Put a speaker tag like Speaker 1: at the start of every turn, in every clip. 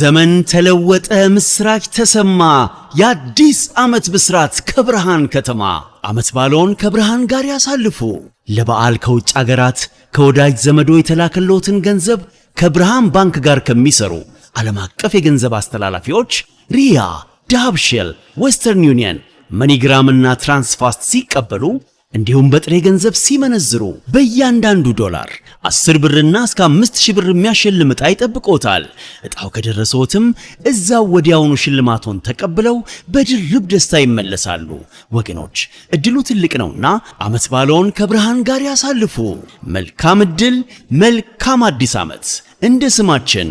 Speaker 1: ዘመን ተለወጠ፣ ምስራች ተሰማ። የአዲስ ዓመት ብስራት ከብርሃን ከተማ። ዓመት ባለውን ከብርሃን ጋር ያሳልፉ። ለበዓል ከውጭ አገራት ከወዳጅ ዘመዶ የተላከለዎትን ገንዘብ ከብርሃን ባንክ ጋር ከሚሰሩ ዓለም አቀፍ የገንዘብ አስተላላፊዎች ሪያ፣ ዳሃብሽል፣ ዌስተርን ዩኒየን፣ መኒግራም እና ትራንስፋስት ሲቀበሉ እንዲሁም በጥሬ ገንዘብ ሲመነዝሩ በእያንዳንዱ ዶላር 10 ብርና እስከ 5000 ብር የሚያሸልም ዕጣ ይጠብቆታል። ዕጣው ከደረሰዎትም እዛው ወዲያውኑ ሽልማቶን ተቀብለው በድርብ ደስታ ይመለሳሉ። ወገኖች እድሉ ትልቅ ነውና ዓመት ባለውን ከብርሃን ጋር ያሳልፉ። መልካም እድል፣ መልካም አዲስ ዓመት። እንደ ስማችን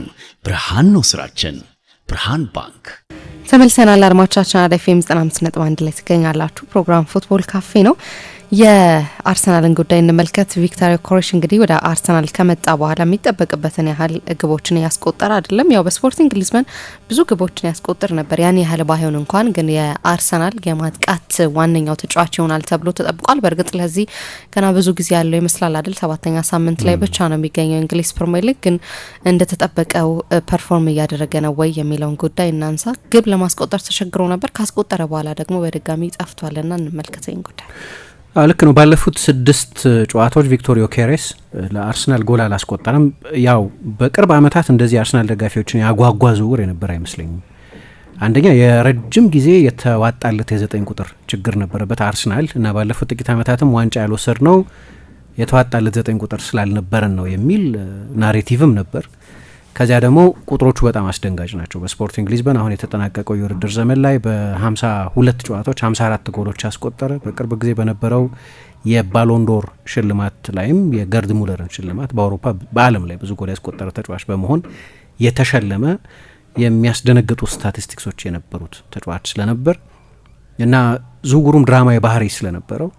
Speaker 1: ብርሃን ነው ስራችን። ብርሃን ባንክ
Speaker 2: ተመልሰናል። አድማጮቻችን አራዳ ኤፍ ኤም 95.1 ላይ ትገኛላችሁ። ፕሮግራም ፉትቦል ካፌ ነው። የአርሰናልን ጉዳይ እንመልከት። ቪክቶሪ ኮሬሽ እንግዲህ ወደ አርሰናል ከመጣ በኋላ የሚጠበቅበትን ያህል ግቦችን ያስቆጠር አይደለም። ያው በስፖርቲንግ ሊዝበን ብዙ ግቦችን ያስቆጥር ነበር፣ ያን ያህል ባይሆን እንኳን ግን የአርሰናል የማጥቃት ዋነኛው ተጫዋች ይሆናል ተብሎ ተጠብቋል። በእርግጥ ለዚህ ገና ብዙ ጊዜ ያለው ይመስላል አይደል? ሰባተኛ ሳምንት ላይ ብቻ ነው የሚገኘው እንግሊዝ ፕሪሚየር ሊግ። ግን እንደተጠበቀው ፐርፎርም እያደረገ ነው ወይ የሚለውን ጉዳይ እናንሳ። ግብ ለማስቆጠር ተቸግሮ ነበር፣ ካስቆጠረ በኋላ ደግሞ በድጋሚ ና እንመልከተኝ ጉዳይ
Speaker 3: ልክ ነው። ባለፉት ስድስት ጨዋታዎች ቪክቶሪዮ ኬሬስ ለአርሰናል ጎል አላስቆጠረም። ያው በቅርብ ዓመታት እንደዚህ የአርሰናል ደጋፊዎችን ያጓጓ ዝውውር የነበረ አይመስለኝም። አንደኛ የረጅም ጊዜ የተዋጣለት የዘጠኝ ቁጥር ችግር ነበረበት አርሰናል እና ባለፉት ጥቂት ዓመታትም ዋንጫ ያልወሰድ ነው የተዋጣለት ዘጠኝ ቁጥር ስላልነበረን ነው የሚል ናሬቲቭም ነበር። ከዚያ ደግሞ ቁጥሮቹ በጣም አስደንጋጭ ናቸው። በስፖርቲንግ ሊዝበን አሁን የተጠናቀቀው የውድድር ዘመን ላይ በ52 ጨዋታዎች 54 ጎሎች አስቆጠረ። በቅርብ ጊዜ በነበረው የባሎንዶር ሽልማት ላይም የገርድ ሙለርን ሽልማት በአውሮፓ በዓለም ላይ ብዙ ጎል ያስቆጠረ ተጫዋች በመሆን የተሸለመ የሚያስደነግጡ ስታቲስቲክሶች የነበሩት ተጫዋች ስለነበር እና ዝውውሩም ድራማዊ ባህሪ ስለነበረው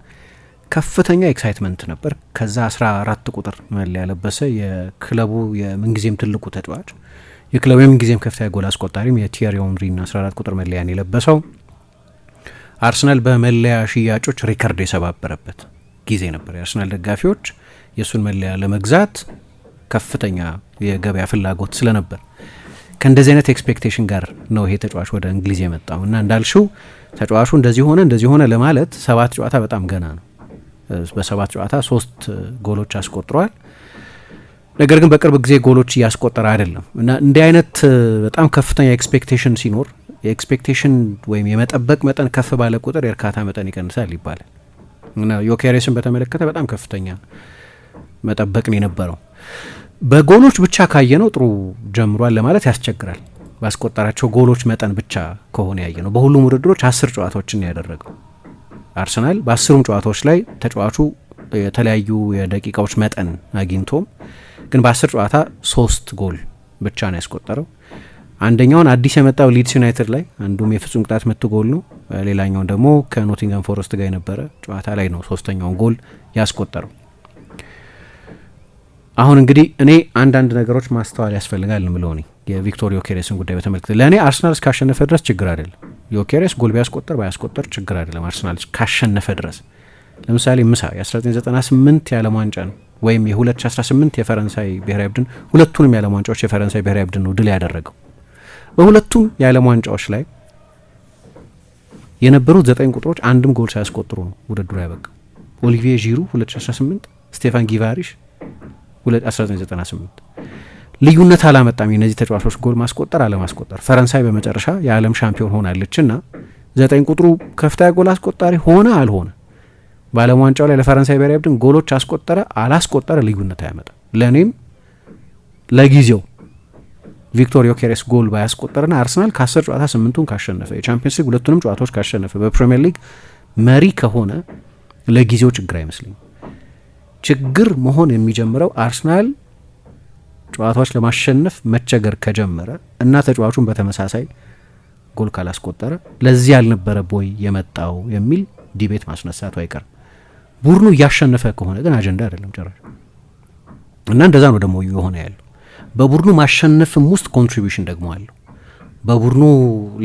Speaker 3: ከፍተኛ ኤክሳይትመንት ነበር። ከዛ 14 ቁጥር መለያ ለበሰ የክለቡ የምንጊዜም ትልቁ ተጫዋች የክለቡ የምንጊዜም ከፍተኛ ጎል አስቆጣሪም የቲየሪ ኦንሪና 14 ቁጥር መለያን የለበሰው አርሰናል በመለያ ሽያጮች ሪከርድ የሰባበረበት ጊዜ ነበር። የአርሰናል ደጋፊዎች የእሱን መለያ ለመግዛት ከፍተኛ የገበያ ፍላጎት ስለነበር ከእንደዚህ አይነት ኤክስፔክቴሽን ጋር ነው ይሄ ተጫዋች ወደ እንግሊዝ የመጣው እና እንዳልሽው ተጫዋቹ እንደዚህ ሆነ እንደዚህ ሆነ ለማለት ሰባት ጨዋታ በጣም ገና ነው። በሰባት ጨዋታ ሶስት ጎሎች አስቆጥሯል። ነገር ግን በቅርብ ጊዜ ጎሎች እያስቆጠረ አይደለም እና እንዲህ አይነት በጣም ከፍተኛ ኤክስፔክቴሽን ሲኖር የኤክስፔክቴሽን ወይም የመጠበቅ መጠን ከፍ ባለ ቁጥር የእርካታ መጠን ይቀንሳል ይባላል እና ዮኬሬስን በተመለከተ በጣም ከፍተኛ መጠበቅ ነው የነበረው። በጎሎች ብቻ ካየነው ጥሩ ጀምሯል ለማለት ያስቸግራል። ባስቆጠራቸው ጎሎች መጠን ብቻ ከሆነ ያየ ነው። በሁሉም ውድድሮች አስር ጨዋታዎችን ያደረገው አርሰናል በአስሩም ጨዋታዎች ላይ ተጫዋቹ የተለያዩ የደቂቃዎች መጠን አግኝቶም ግን በአስር ጨዋታ ሶስት ጎል ብቻ ነው ያስቆጠረው። አንደኛውን አዲስ የመጣው ሊድስ ዩናይትድ ላይ አንዱም የፍጹም ቅጣት ምት ጎል ነው። ሌላኛው ደግሞ ከኖቲንገም ፎረስት ጋር የነበረ ጨዋታ ላይ ነው ሶስተኛውን ጎል ያስቆጠረው። አሁን እንግዲህ እኔ አንዳንድ ነገሮች ማስተዋል ያስፈልጋል ምለው የቪክቶር ኬሬስን ጉዳይ በተመልክተ ለእኔ አርሰናል እስካሸነፈ ድረስ ችግር አይደለም ዮኬሬስ ጎል ቢያስቆጠር ባያስቆጠር ችግር አይደለም፣ አርሰናል ካሸነፈ ድረስ። ለምሳሌ ምሳ የ1998 የዓለም ዋንጫ ነው ወይም የ2018 የፈረንሳይ ብሔራዊ ቡድን ሁለቱንም የዓለም ዋንጫዎች የፈረንሳይ ብሔራዊ ቡድን ነው ድል ያደረገው። በሁለቱም የዓለም ዋንጫዎች ላይ የነበሩት ዘጠኝ ቁጥሮች አንድም ጎል ሳያስቆጥሩ ነው ውድድሩ ያበቃው። ኦሊቪዬ ዢሩ 2018፣ ስቴፋን ጊቫሪሽ 1998 ልዩነት አላመጣም። የነዚህ ተጫዋቾች ጎል ማስቆጠር አለማስቆጠር። ፈረንሳይ በመጨረሻ የዓለም ሻምፒዮን ሆናለች እና ዘጠኝ ቁጥሩ ከፍተኛ ጎል አስቆጣሪ ሆነ አልሆነ በዓለም ዋንጫው ላይ ለፈረንሳይ ብሔራዊ ቡድን ጎሎች አስቆጠረ አላስቆጠረ ልዩነት አያመጣም። ለእኔም ለጊዜው ቪክቶር ዮኬሬስ ጎል ባያስቆጠረና አርሰናል ከአስር ጨዋታ ስምንቱን ካሸነፈ የቻምፒየንስ ሊግ ሁለቱንም ጨዋታዎች ካሸነፈ በፕሪምየር ሊግ መሪ ከሆነ ለጊዜው ችግር አይመስለኝም። ችግር መሆን የሚጀምረው አርሰናል ጨዋታዎች ለማሸነፍ መቸገር ከጀመረ እና ተጫዋቹን በተመሳሳይ ጎል ካላስቆጠረ ለዚህ ያልነበረ ቦይ የመጣው የሚል ዲቤት ማስነሳቱ አይቀርም። ቡድኑ እያሸነፈ ከሆነ ግን አጀንዳ አይደለም ጭራሽ እና እንደዛ ነው ደግሞ የሆነ ያለው። በቡድኑ ማሸነፍም ውስጥ ኮንትሪቢሽን ደግሞ አለው። በቡድኑ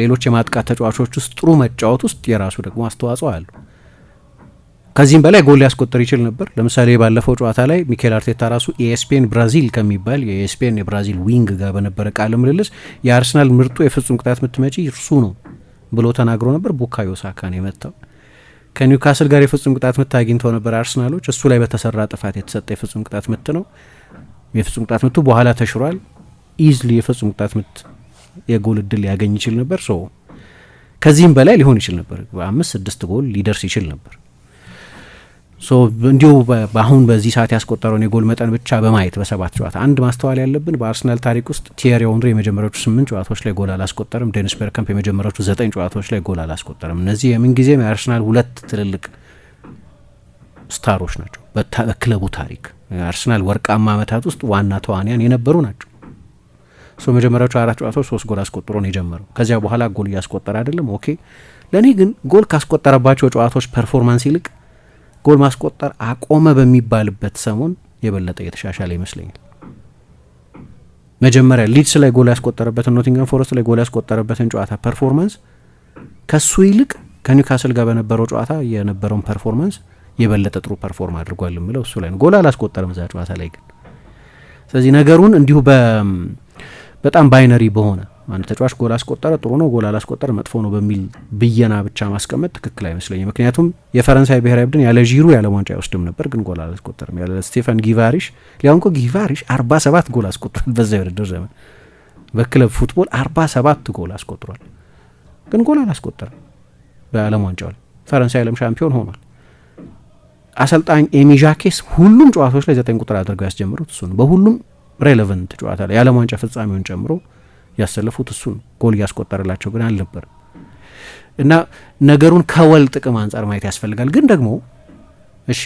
Speaker 3: ሌሎች የማጥቃት ተጫዋቾች ውስጥ ጥሩ መጫወት ውስጥ የራሱ ደግሞ አስተዋጽኦ አለው። ከዚህም በላይ ጎል ሊያስቆጥር ይችል ነበር። ለምሳሌ ባለፈው ጨዋታ ላይ ሚኬል አርቴታ ራሱ የኤስፔን ብራዚል ከሚባል የኤስፔን የብራዚል ዊንግ ጋር በነበረ ቃለ ምልልስ የአርሰናል ምርጡ የፍጹም ቅጣት ምት መጪ እርሱ ነው ብሎ ተናግሮ ነበር። ቡካዮ ሳካ ነው የመታው። ከኒውካስል ጋር የፍጹም ቅጣት ምት አግኝተው ነበር አርሰናሎች። እሱ ላይ በተሰራ ጥፋት የተሰጠ የፍጹም ቅጣት ምት ነው። የፍጹም ቅጣት ምቱ በኋላ ተሽሯል። ኢዝሊ የፍጹም ቅጣት ምት የጎል እድል ሊያገኝ ይችል ነበር። ከዚህም በላይ ሊሆን ይችል ነበር። አምስት ስድስት ጎል ሊደርስ ይችል ነበር። እንዲሁ አሁን በዚህ ሰዓት ያስቆጠረውን የጎል መጠን ብቻ በማየት በሰባት ጨዋታ አንድ ማስተዋል ያለብን በአርሰናል ታሪክ ውስጥ ቲየሪ ኦንሪ የመጀመሪያዎቹ ስምንት ጨዋታዎች ላይ ጎል አላስቆጠርም። ዴኒስ በርከምፕ የመጀመሪያዎቹ ዘጠኝ ጨዋታዎች ላይ ጎል አላስቆጠርም። እነዚህ የምንጊዜም የአርሰናል ሁለት ትልልቅ ስታሮች ናቸው። በክለቡ ታሪክ አርሰናል ወርቃማ ዓመታት ውስጥ ዋና ተዋንያን የነበሩ ናቸው። ሶ መጀመሪያዎቹ አራት ጨዋታዎች ሶስት ጎል አስቆጥሮ ነው የጀመረው። ከዚያ በኋላ ጎል እያስቆጠረ አይደለም። ኦኬ ለእኔ ግን ጎል ካስቆጠረባቸው ጨዋታዎች ፐርፎርማንስ ይልቅ ጎል ማስቆጠር አቆመ በሚባልበት ሰሞን የበለጠ የተሻሻለ ይመስለኛል። መጀመሪያ ሊድስ ላይ ጎል ያስቆጠረበትን ኖቲንግሃም ፎረስት ላይ ጎል ያስቆጠረበትን ጨዋታ ፐርፎርማንስ ከሱ ይልቅ ከኒውካስል ጋር በነበረው ጨዋታ የነበረውን ፐርፎርማንስ የበለጠ ጥሩ ፐርፎርም አድርጓል የምለው እሱ ላይ ነው። ጎል አላስቆጠረም እዛ ጨዋታ ላይ ግን። ስለዚህ ነገሩን እንዲሁ በጣም ባይነሪ በሆነ አንድ ተጫዋች ጎል አስቆጠረ ጥሩ ነው፣ ጎል አላስቆጠረ መጥፎ ነው በሚል ብየና ብቻ ማስቀመጥ ትክክል አይመስለኝም። ምክንያቱም የፈረንሳይ ብሔራዊ ቡድን ያለ ዢሩ ያለ ዋንጫ አይወስድም ነበር፣ ግን ጎል አላስቆጠረም። ያለ ስቴፋን ጊቫሪሽ ሊያውም እኮ ጊቫሪሽ አርባ ሰባት ጎል አስቆጥሯል በዛ የውድድር ዘመን በክለብ ፉትቦል አርባ ሰባት ጎል አስቆጥሯል፣ ግን ጎል አላስቆጠረም በዓለም ዋንጫ ላይ። ፈረንሳይ ዓለም ሻምፒዮን ሆኗል። አሰልጣኝ ኤሚ ዣኬስ ሁሉም ጨዋታዎች ላይ ዘጠኝ ቁጥር አድርገው ያስጀምሩት እሱ ነው። በሁሉም ሬሌቨንት ጨዋታ ላይ የዓለም ዋንጫ ፍጻሜውን ጨምሮ ያሰለፉት እሱ ነው። ጎል እያስቆጠረላቸው ግን አልነበር እና ነገሩን ከወል ጥቅም አንጻር ማየት ያስፈልጋል። ግን ደግሞ እሺ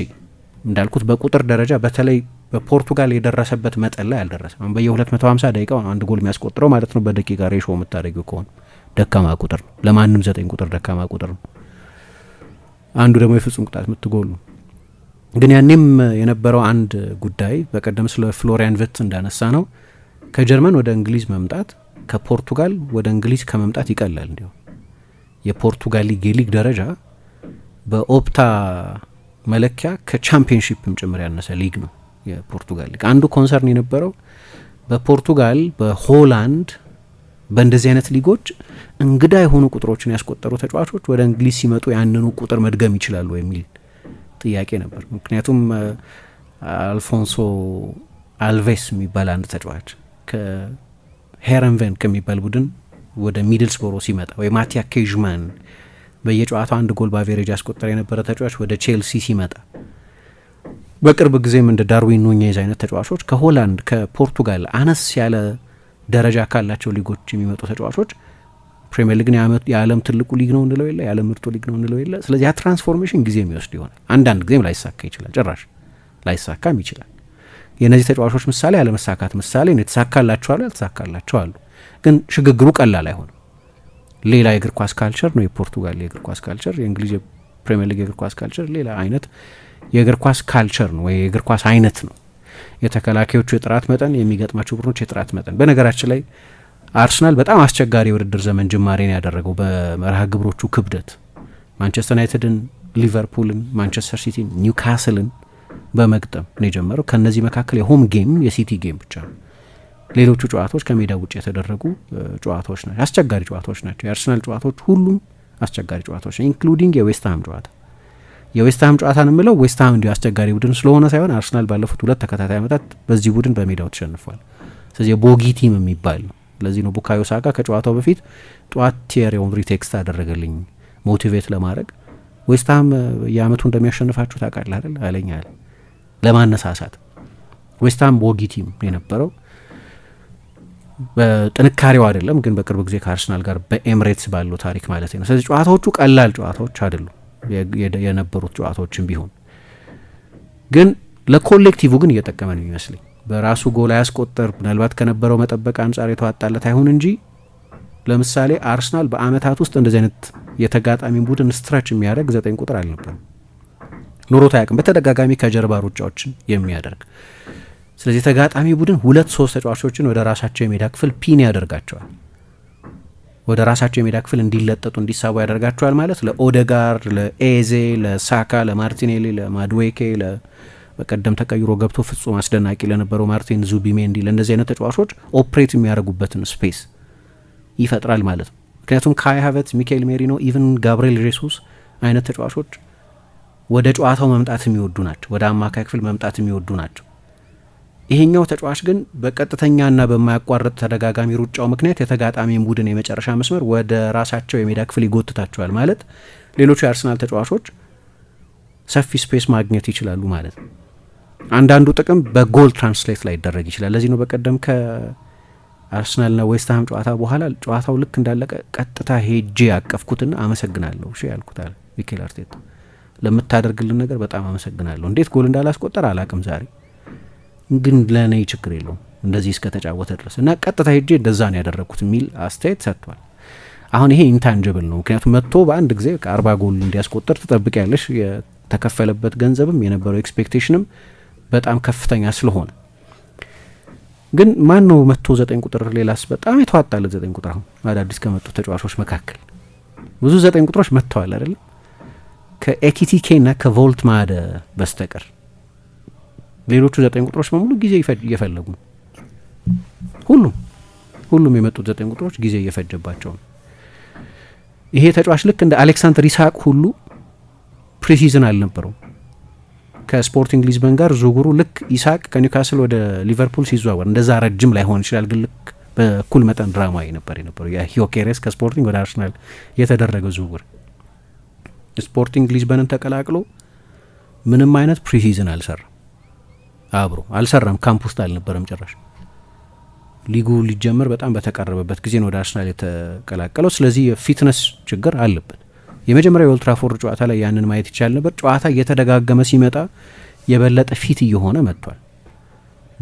Speaker 3: እንዳልኩት በቁጥር ደረጃ በተለይ በፖርቱጋል የደረሰበት መጠን ላይ አልደረሰም። በየ250 ደቂቃ አንድ ጎል የሚያስቆጥረው ማለት ነው። በደቂቃ ሬሾ የምታደርጊው ከሆነ ደካማ ቁጥር ነው። ለማንም ዘጠኝ ቁጥር ደካማ ቁጥር ነው። አንዱ ደግሞ የፍጹም ቅጣት የምትጎሉ ነው። ግን ያኔም የነበረው አንድ ጉዳይ በቀደም ስለ ፍሎሪያን ቨት እንዳነሳ ነው ከጀርመን ወደ እንግሊዝ መምጣት ከፖርቱጋል ወደ እንግሊዝ ከመምጣት ይቀላል። እንዲሁም የፖርቱጋል ሊግ የሊግ ደረጃ በኦፕታ መለኪያ ከቻምፒየንሺፕም ጭምር ያነሰ ሊግ ነው የፖርቱጋል ሊግ። አንዱ ኮንሰርን የነበረው በፖርቱጋል በሆላንድ በእንደዚህ አይነት ሊጎች እንግዳ የሆኑ ቁጥሮችን ያስቆጠሩ ተጫዋቾች ወደ እንግሊዝ ሲመጡ ያንኑ ቁጥር መድገም ይችላሉ የሚል ጥያቄ ነበር። ምክንያቱም አልፎንሶ አልቬስ የሚባል አንድ ተጫዋች ሄረንቨን ከሚባል ቡድን ወደ ሚድልስቦሮ ሲመጣ ወይ ማቲያ ኬዥማን በየጨዋታው አንድ ጎል በአቬሬጅ ያስቆጠረ የነበረ ተጫዋች ወደ ቼልሲ ሲመጣ በቅርብ ጊዜም እንደ ዳርዊን ኑኔዝ አይነት ተጫዋቾች ከሆላንድ ከፖርቱጋል አነስ ያለ ደረጃ ካላቸው ሊጎች የሚመጡ ተጫዋቾች ፕሪሚየር ሊግን የዓለም ትልቁ ሊግ ነው እንለው የለ የዓለም ምርጡ ሊግ ነው እንለው የለ። ስለዚህ ያ ትራንስፎርሜሽን ጊዜ የሚወስድ ይሆናል። አንዳንድ ጊዜም ላይሳካ ይችላል፣ ጭራሽ ላይሳካም ይችላል። የእነዚህ ተጫዋቾች ምሳሌ ያለመሳካት ምሳሌ ነው። የተሳካላቸው አሉ፣ ግን ሽግግሩ ቀላል አይሆንም። ሌላ የእግር ኳስ ካልቸር ነው የፖርቱጋል የእግር ኳስ ካልቸር፣ የእንግሊዝ የፕሪሚየር ሊግ የእግር ኳስ ካልቸር ሌላ አይነት የእግር ኳስ ካልቸር ነው ወይ የእግር ኳስ አይነት ነው። የተከላካዮቹ የጥራት መጠን፣ የሚገጥማቸው ቡድኖች የጥራት መጠን። በነገራችን ላይ አርሰናል በጣም አስቸጋሪ የውድድር ዘመን ጅማሬን ያደረገው በመርሃ ግብሮቹ ክብደት ማንቸስተር ዩናይትድን፣ ሊቨርፑልን፣ ማንቸስተር ሲቲን፣ ኒውካስልን በመግጠም ነው የጀመረው። ከእነዚህ መካከል የሆም ጌም የሲቲ ጌም ብቻ ነው። ሌሎቹ ጨዋታዎች ከሜዳ ውጭ የተደረጉ ጨዋታዎች ናቸው። አስቸጋሪ ጨዋታዎች ናቸው። የአርሰናል ጨዋታዎች ሁሉም አስቸጋሪ ጨዋታዎች ናቸው፣ ኢንክሉዲንግ የዌስትሃም ጨዋታ። የዌስትሃም ጨዋታ ጨዋታን የምለው ዌስትሃም እንዲሁ አስቸጋሪ ቡድን ስለሆነ ሳይሆን አርሰናል ባለፉት ሁለት ተከታታይ ዓመታት በዚህ ቡድን በሜዳው ተሸንፏል። ስለዚህ የቦጊ ቲም የሚባል ነው። ለዚህ ነው ቡካዮ ሳካ ከጨዋታው በፊት ጠዋት ቲየሪ ኦንሪ ቴክስት አደረገልኝ ሞቲቬት ለማድረግ ዌስትሃም የአመቱ እንደሚያሸንፋችሁ ታውቃለህ አይደል አለኝ አለ ለማነሳሳት ዌስትሃም ቦጊ ቲም የነበረው በጥንካሬው አይደለም፣ ግን በቅርብ ጊዜ ከአርሰናል ጋር በኤምሬትስ ባለው ታሪክ ማለት ነው። ስለዚህ ጨዋታዎቹ ቀላል ጨዋታዎች አይደሉም የነበሩት ጨዋታዎችም ቢሆን ግን ለኮሌክቲቭ ግን እየጠቀመ ነው ይመስለኝ። በራሱ ጎል አያስቆጠር ምናልባት ከነበረው መጠበቅ አንጻር የተዋጣለት አይሁን እንጂ ለምሳሌ አርሰናል በአመታት ውስጥ እንደዚህ አይነት የተጋጣሚ ቡድን ስትራች የሚያደርግ ዘጠኝ ቁጥር አልነበርም። ኑሮት አያውቅም። በተደጋጋሚ ከጀርባ ሩጫዎችን የሚያደርግ ስለዚህ ተጋጣሚ ቡድን ሁለት ሶስት ተጫዋቾችን ወደ ራሳቸው የሜዳ ክፍል ፒን ያደርጋቸዋል። ወደ ራሳቸው የሜዳ ክፍል እንዲለጠጡ እንዲሳቡ ያደርጋቸዋል ማለት ለኦደጋር፣ ለኤዜ፣ ለሳካ፣ ለማርቲኔሊ፣ ለማድዌኬ፣ በቀደም ተቀይሮ ገብቶ ፍጹም አስደናቂ ለነበረው ማርቲን ዙቢሜንዲ ለእንደዚህ አይነት ተጫዋቾች ኦፕሬት የሚያደርጉበትን ስፔስ ይፈጥራል ማለት ነው። ምክንያቱም ካይ ሃቨርትዝ፣ ሚካኤል ሜሪኖ፣ ኢቨን ጋብርኤል ሬሱስ አይነት ተጫዋቾች ወደ ጨዋታው መምጣት የሚወዱ ናቸው፣ ወደ አማካይ ክፍል መምጣት የሚወዱ ናቸው። ይሄኛው ተጫዋች ግን በቀጥተኛና በማያቋርጥ ተደጋጋሚ ሩጫው ምክንያት የተጋጣሚ ቡድን የመጨረሻ መስመር ወደ ራሳቸው የሜዳ ክፍል ይጎትታቸዋል ማለት ሌሎቹ የአርሰናል ተጫዋቾች ሰፊ ስፔስ ማግኘት ይችላሉ ማለት ነው። አንዳንዱ ጥቅም በጎል ትራንስሌት ላይ ይደረግ ይችላል። ለዚህ ነው በቀደም ከአርሰናልና ዌስትሃም ጨዋታ በኋላ ጨዋታው ልክ እንዳለቀ ቀጥታ ሄጄ ያቀፍኩትና አመሰግናለሁ ያልኩታል ሚኬል አርቴታ ለምታደርግልን ነገር በጣም አመሰግናለሁ። እንዴት ጎል እንዳላስቆጠር አላቅም ዛሬ ግን ለእኔ ችግር የለውም እንደዚህ እስከተጫወተ ድረስ እና ቀጥታ ሄጄ እንደዛ ነው ያደረግኩት የሚል አስተያየት ሰጥቷል። አሁን ይሄ ኢንታንጅብል ነው፣ ምክንያቱም መጥቶ በአንድ ጊዜ አርባ ጎል እንዲያስቆጠር ትጠብቅ ያለሽ የተከፈለበት ገንዘብም የነበረው ኤክስፔክቴሽንም በጣም ከፍተኛ ስለሆነ ግን ማን ነው መጥቶ ዘጠኝ ቁጥር ሌላስ በጣም የተዋጣለት ዘጠኝ ቁጥር አሁን አዳዲስ ከመጡ ተጫዋቾች መካከል ብዙ ዘጠኝ ቁጥሮች መጥተዋል አይደለም ከኤኪቲኬ ና ከቮልት ማደ በስተቀር ሌሎቹ ዘጠኝ ቁጥሮች በሙሉ ጊዜ እየፈለጉ ሁሉም ሁሉም የመጡት ዘጠኝ ቁጥሮች ጊዜ እየፈጀባቸው ነው። ይሄ ተጫዋች ልክ እንደ አሌክሳንድር ኢሳቅ ሁሉ ፕሪሲዝን አልነበረው። ከስፖርቲንግ ሊዝበን ጋር ዝውውሩ ልክ ኢሳቅ ከኒውካስል ወደ ሊቨርፑል ሲዘዋወር እንደዛ ረጅም ላይሆን ይችላል፣ ግን ልክ በኩል መጠን ድራማዊ ነበር የነበረው የሂዮኬሬስ ከስፖርቲንግ ወደ አርሰናል የተደረገ ። ዝውውር ስፖርቲንግ ሊዝበንን ተቀላቅሎ ምንም አይነት ፕሪሲዝን አልሰራም፣ አብሮ አልሰራም፣ ካምፕ ውስጥ አልነበረም ጭራሽ። ሊጉ ሊጀመር በጣም በተቀረበበት ጊዜ ነው ወደ አርሰናል የተቀላቀለው። ስለዚህ የፊትነስ ችግር አለበት። የመጀመሪያው የኦልትራፎርድ ጨዋታ ላይ ያንን ማየት ይቻል ነበር። ጨዋታ እየተደጋገመ ሲመጣ የበለጠ ፊት እየሆነ መጥቷል።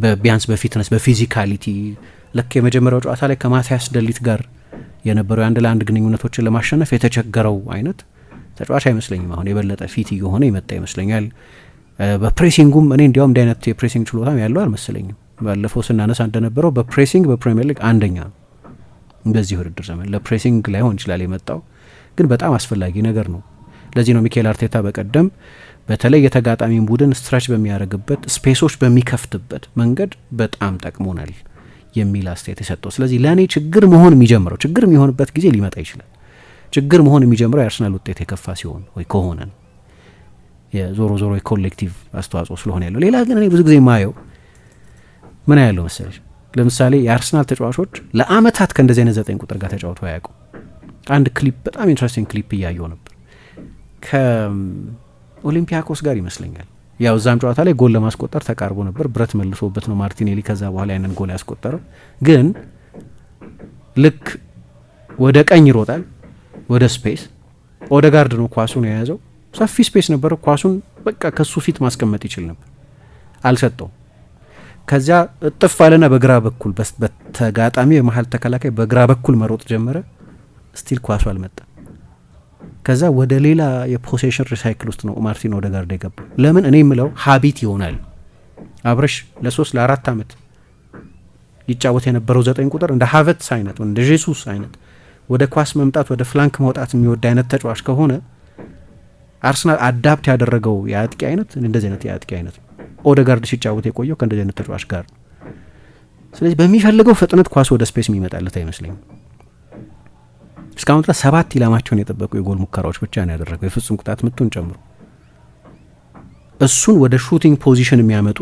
Speaker 3: በቢያንስ በፊትነስ በፊዚካሊቲ ልክ የመጀመሪያው ጨዋታ ላይ ከማቲያስ ደሊት ጋር የነበረው የአንድ ለአንድ ግንኙነቶችን ለማሸነፍ የተቸገረው አይነት ተጫዋች አይመስለኝም። አሁን የበለጠ ፊት እየሆነ ይመጣ ይመስለኛል። በፕሬሲንጉም እኔ እንዲያውም እንዲህ አይነት የፕሬሲንግ ችሎታም ያለው አልመስለኝም። ባለፈው ስናነሳ እንደነበረው በፕሬሲንግ በፕሪሚየር ሊግ አንደኛ ነው በዚህ ውድድር ዘመን። ለፕሬሲንግ ላይሆን ይችላል የመጣው ግን በጣም አስፈላጊ ነገር ነው። ለዚህ ነው ሚኬል አርቴታ በቀደም በተለይ የተጋጣሚን ቡድን ስትራች በሚያደርግበት ስፔሶች በሚከፍትበት መንገድ በጣም ጠቅሞናል የሚል አስተያየት የሰጠው። ስለዚህ ለእኔ ችግር መሆን የሚጀምረው ችግር የሚሆንበት ጊዜ ሊመጣ ይችላል። ችግር መሆን የሚጀምረው የአርሰናል ውጤት የከፋ ሲሆን ወይ ከሆነ ነው። የዞሮ ዞሮ የኮሌክቲቭ አስተዋጽኦ ስለሆነ ያለው። ሌላ ግን እኔ ብዙ ጊዜ ማየው ምን ያለው መሰለች፣ ለምሳሌ የአርሰናል ተጫዋቾች ለአመታት ከእንደዚህ አይነት ዘጠኝ ቁጥር ጋር ተጫውተው አያውቁ። አንድ ክሊፕ በጣም ኢንትረስቲንግ ክሊፕ እያየው ነበር ከኦሊምፒያኮስ ጋር ይመስለኛል። ያው እዛም ጨዋታ ላይ ጎል ለማስቆጠር ተቃርቦ ነበር፣ ብረት መልሶበት ነው ማርቲኔሊ ከዛ በኋላ ያንን ጎል ያስቆጠረው። ግን ልክ ወደ ቀኝ ይሮጣል ወደ ስፔስ ጋርድ ነው ኳሱን የያዘው። ሰፊ ስፔስ ነበረ ኳሱን በቃ ከሱ ፊት ማስቀመጥ ይችል ነበር፣ አልሰጠው። ከዚያ እጥፍ አለና በግራ በኩል በተጋጣሚ የመሀል ተከላካይ በግራ በኩል መሮጥ ጀመረ። ስቲል ኳሱ አልመጣም። ከዛ ወደ ሌላ የፖሴሽን ሪሳይክል ውስጥ ነው ማርቲን ጋርድ የገባ። ለምን እኔ የምለው ሀቢት ይሆናል። አብረሽ ለሶስት ለአራት ዓመት ይጫወት የነበረው ዘጠኝ ቁጥር እንደ ሀቨትስ አይነት እንደ ጄሱስ አይነት ወደ ኳስ መምጣት ወደ ፍላንክ መውጣት የሚወድ አይነት ተጫዋች ከሆነ አርሰናል አዳፕት ያደረገው የአጥቂ አይነት እንደዚህ አይነት የአጥቂ አይነት ነው። ኦደጋርድ ሲጫወት የቆየው ከእንደዚህ አይነት ተጫዋች ጋር ነው። ስለዚህ በሚፈልገው ፍጥነት ኳስ ወደ ስፔስ የሚመጣለት አይመስለኝም። እስካሁን ድረስ ሰባት ኢላማቸውን የጠበቁ የጎል ሙከራዎች ብቻ ነው ያደረገው የፍጹም ቅጣት ምቱን ጨምሮ። እሱን ወደ ሹቲንግ ፖዚሽን የሚያመጡ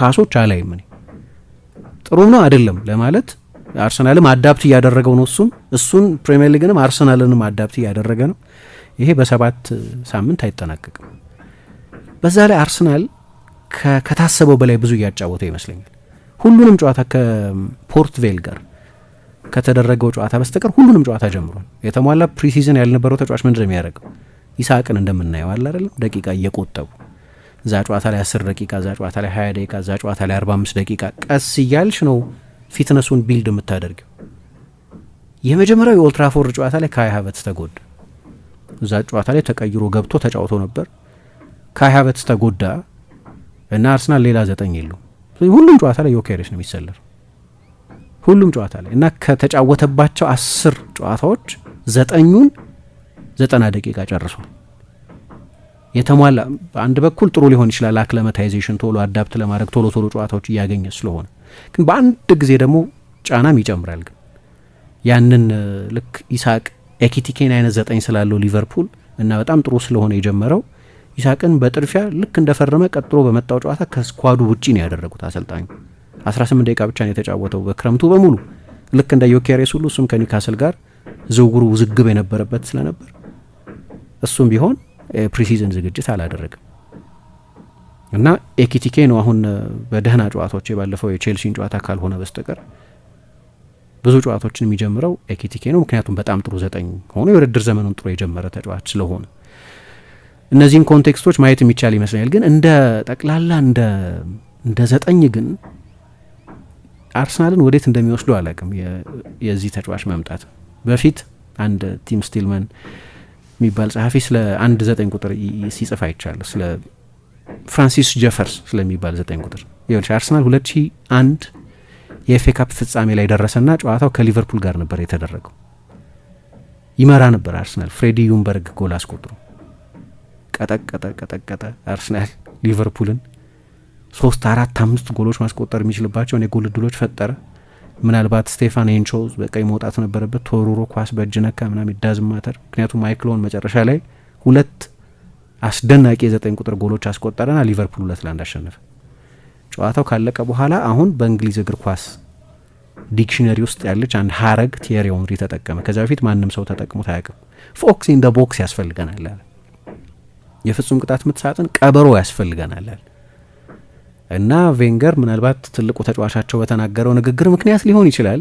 Speaker 3: ፓሶች አላይም። ጥሩም ነው አይደለም ለማለት አርሰናልም አዳፕት እያደረገው ነው እሱም እሱን ፕሪሚየር ሊግንም አርሰናልንም አዳፕት እያደረገ ነው። ይሄ በሰባት ሳምንት አይጠናቀቅም። በዛ ላይ አርሰናል ከታሰበው በላይ ብዙ እያጫወተው ይመስለኛል። ሁሉንም ጨዋታ ከፖርት ቬል ጋር ከተደረገው ጨዋታ በስተቀር ሁሉንም ጨዋታ ጀምሯል። የተሟላ ፕሪሲዝን ያልነበረው ተጫዋች ምንድን ነው የሚያደርገው? ይስሐቅን እንደምናየው አለ አይደለም፣ ደቂቃ እየቆጠቡ እዛ ጨዋታ ላይ 10 ደቂቃ፣ እዛ ጨዋታ ላይ 20 ደቂቃ፣ እዛ ጨዋታ ላይ 45 ደቂቃ ቀስ እያልሽ ነው ፊትነሱን ቢልድ የምታደርገው። የመጀመሪያው የኦልትራፎርድ ጨዋታ ላይ ካይ ሃቨርትዝ ተጎዳ። እዛ ጨዋታ ላይ ተቀይሮ ገብቶ ተጫውቶ ነበር። ካይ ሃቨርትዝ ተጎዳ እና አርስናል ሌላ ዘጠኝ የለውም። ሁሉም ጨዋታ ላይ ዮኬሬስ ነው የሚሰለፍ ሁሉም ጨዋታ ላይ እና ከተጫወተባቸው አስር ጨዋታዎች ዘጠኙን ዘጠና ደቂቃ ጨርሷል። የተሟላ በአንድ በኩል ጥሩ ሊሆን ይችላል አክለመታይዜሽን ቶሎ አዳፕት ለማድረግ ቶሎ ቶሎ ጨዋታዎች እያገኘ ስለሆነ ግን በአንድ ጊዜ ደግሞ ጫናም ይጨምራል። ግን ያንን ልክ ኢሳቅ ኤኪቲኬን አይነት ዘጠኝ ስላለው ሊቨርፑል እና በጣም ጥሩ ስለሆነ የጀመረው ኢሳቅን በጥድፊያ ልክ እንደፈረመ ቀጥሎ በመጣው ጨዋታ ከስኳዱ ውጪ ነው ያደረጉት አሰልጣኙ። 18 ደቂቃ ብቻ ነው የተጫወተው በክረምቱ በሙሉ ልክ እንደ ዮኬሬስ ሁሉ እሱም ከኒውካስል ጋር ዝውውሩ ውዝግብ የነበረበት ስለነበር እሱም ቢሆን ፕሪሲዝን ዝግጅት አላደረግም። እና ኤኪቲኬ ነው አሁን በደህና ጨዋታዎች የባለፈው የቼልሲን ጨዋታ ካልሆነ በስተቀር ብዙ ጨዋታዎችን የሚጀምረው ኤኪቲኬ ነው። ምክንያቱም በጣም ጥሩ ዘጠኝ ሆኖ የውድድር ዘመኑን ጥሩ የጀመረ ተጫዋች ስለሆነ እነዚህን ኮንቴክስቶች ማየት የሚቻል ይመስለኛል። ግን እንደ ጠቅላላ እንደ ዘጠኝ ግን አርሰናልን ወዴት እንደሚወስዱ አላውቅም። የዚህ ተጫዋች መምጣት በፊት አንድ ቲም ስቲልመን የሚባል ጸሐፊ ስለ አንድ ዘጠኝ ቁጥር ሲጽፍ አይቻለሁ ስለ ፍራንሲስ ጀፈርስ ስለሚባል ዘጠኝ ቁጥር ይኸውልሽ አርሰናል ሁለት ሺ አንድ የኤፌ ካፕ ፍጻሜ ላይ ደረሰና ጨዋታው ከሊቨርፑል ጋር ነበር የተደረገው። ይመራ ነበር አርሰናል። ፍሬዲ ዩምበርግ ጎል አስቆጥሮ ቀጠቀጠ ቀጠቀጠ። አርሰናል ሊቨርፑልን ሶስት አራት አምስት ጎሎች ማስቆጠር የሚችልባቸውን የጎል እድሎች ፈጠረ። ምናልባት ስቴፋን ኤንቾዝ በቀይ መውጣት ነበረበት። ቶሮሮ ኳስ በእጅ ነካ ምናም ዳዝማተር ምክንያቱም ማይክሎን መጨረሻ ላይ ሁለት አስደናቂ የዘጠኝ ቁጥር ጎሎች አስቆጠረና ሊቨርፑል ሁለት ለአንድ አሸነፈ። ጨዋታው ካለቀ በኋላ አሁን በእንግሊዝ እግር ኳስ ዲክሽነሪ ውስጥ ያለች አንድ ሀረግ ቲዬሪ ሄንሪ ተጠቀመ። ከዚያ በፊት ማንም ሰው ተጠቅሞት አያውቅም። ፎክስ ኢን ደ ቦክስ ያስፈልገናል አለ። የፍጹም ቅጣት ምት ሳጥን ቀበሮ ያስፈልገናል አለ እና ቬንገር ምናልባት ትልቁ ተጫዋቻቸው በተናገረው ንግግር ምክንያት ሊሆን ይችላል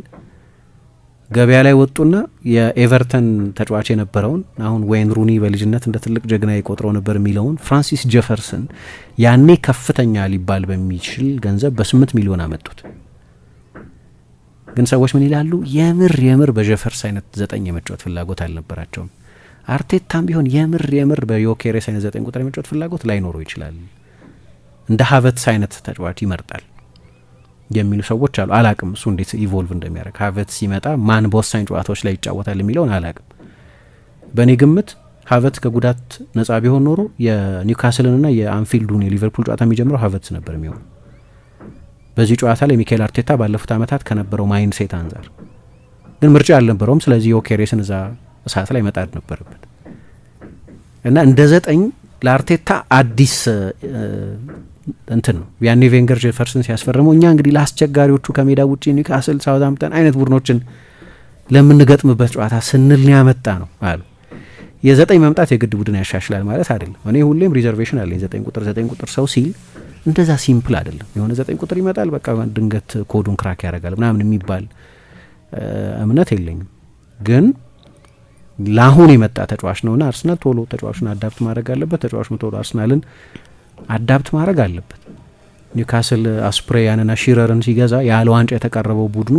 Speaker 3: ገበያ ላይ ወጡና የኤቨርተን ተጫዋች የነበረውን አሁን ወይን ሩኒ በልጅነት እንደ ትልቅ ጀግና ይቆጥረው ነበር የሚለውን ፍራንሲስ ጀፈርሰን ያኔ ከፍተኛ ሊባል በሚችል ገንዘብ በስምንት ሚሊዮን አመጡት። ግን ሰዎች ምን ይላሉ? የምር የምር በጀፈርስ አይነት ዘጠኝ የመጫወት ፍላጎት አልነበራቸውም። አርቴታም ቢሆን የምር የምር በዮኬሬስ አይነት ዘጠኝ ቁጥር የመጫወት ፍላጎት ላይኖረው ይችላል። እንደ ሀቨትስ አይነት ተጫዋች ይመርጣል። የሚሉ ሰዎች አሉ። አላቅም እሱ እንዴት ኢቮልቭ እንደሚያደርግ ሀቨት ሲመጣ ማን በወሳኝ ጨዋታዎች ላይ ይጫወታል የሚለውን አላቅም። በእኔ ግምት ሀቨት ከጉዳት ነጻ ቢሆን ኖሮ የኒውካስልንና የአንፊልዱን የሊቨርፑል ጨዋታ የሚጀምረው ሀቨት ነበር የሚሆኑ። በዚህ ጨዋታ ላይ ሚካኤል አርቴታ ባለፉት አመታት ከነበረው ማይንድ ሴት አንጻር ግን ምርጫ አልነበረውም። ስለዚህ ዮኬሬስን እዛ እሳት ላይ መጣድ ነበረበት እና እንደ ዘጠኝ ለአርቴታ አዲስ እንትን ነው ያኔ ቬንገር ጄፈርስን ሲያስፈርመው እኛ እንግዲህ ለአስቸጋሪዎቹ ከሜዳ ውጭ ኒውካስል፣ ሳውዝሃምፕተን አይነት ቡድኖችን ለምንገጥምበት ጨዋታ ስንል ያመጣ ነው አሉ። የዘጠኝ መምጣት የግድ ቡድን ያሻሽላል ማለት አይደለም። እኔ ሁሌም ሪዘርቬሽን አለ 9 ቁጥር ዘጠኝ ቁጥር ሰው ሲል እንደዛ ሲምፕል አይደለም። የሆነ ዘጠኝ ቁጥር ይመጣል በቃ ድንገት ኮዱን ክራክ ያደርጋል ምናምን የሚባል እምነት የለኝም። ግን ለአሁን የመጣ ተጫዋች ነውና አርሰናል ቶሎ ተጫዋቹን አዳፕት ማድረግ አለበት። ተጫዋቹም ቶሎ አርሰናልን አዳፕት ማድረግ አለበት። ኒውካስል አስፕሬያንና ሺረርን ሲገዛ ያለ ዋንጫ የተቀረበው ቡድኑ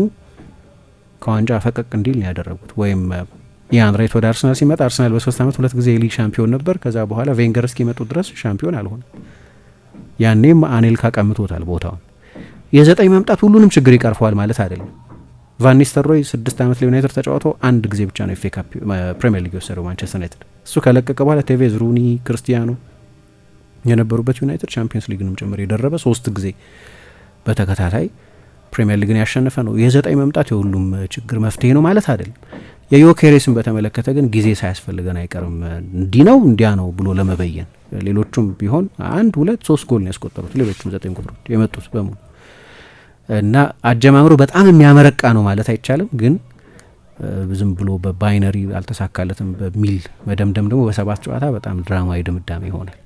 Speaker 3: ከዋንጫ ፈቀቅ እንዲል ነው ያደረጉት። ወይም ያን ወደ አርሰናል ሲመጣ አርሰናል በሶስት ዓመት ሁለት ጊዜ የሊግ ሻምፒዮን ነበር። ከዛ በኋላ ቬንገር እስኪመጡ ድረስ ሻምፒዮን አልሆነም። ያኔም አኔልካ ቀምቶታል ቦታውን። የዘጠኝ መምጣት ሁሉንም ችግር ይቀርፈዋል ማለት አይደለም። ቫን ኒስተልሮይ ስድስት ዓመት ለዩናይትድ ተጫውቶ አንድ ጊዜ ብቻ ነው ፌ ሊግ የወሰደው ማንቸስተር ዩናይትድ። እሱ ከለቀቀ በኋላ ቴቬዝ፣ ሩኒ፣ ክርስቲያኖ የነበሩበት ዩናይትድ ቻምፒየንስ ሊግንም ጭምር የደረበ ሶስት ጊዜ በተከታታይ ፕሪሚየር ሊግን ያሸነፈ ነው። የዘጠኝ መምጣት የሁሉም ችግር መፍትሄ ነው ማለት አይደለም። የዮኬሬስን በተመለከተ ግን ጊዜ ሳያስፈልገን አይቀርም። እንዲህ ነው እንዲያ ነው ብሎ ለመበየን ሌሎቹም ቢሆን አንድ ሁለት ሶስት ጎል ነው ያስቆጠሩት። ሌሎቹም ዘጠኝ ቁጥሮች የመጡት በሙሉ እና አጀማምሮ በጣም የሚያመረቃ ነው ማለት አይቻልም። ግን ዝም ብሎ በባይነሪ አልተሳካለትም በሚል መደምደም ደግሞ በሰባት ጨዋታ በጣም ድራማዊ ድምዳሜ ይሆናል።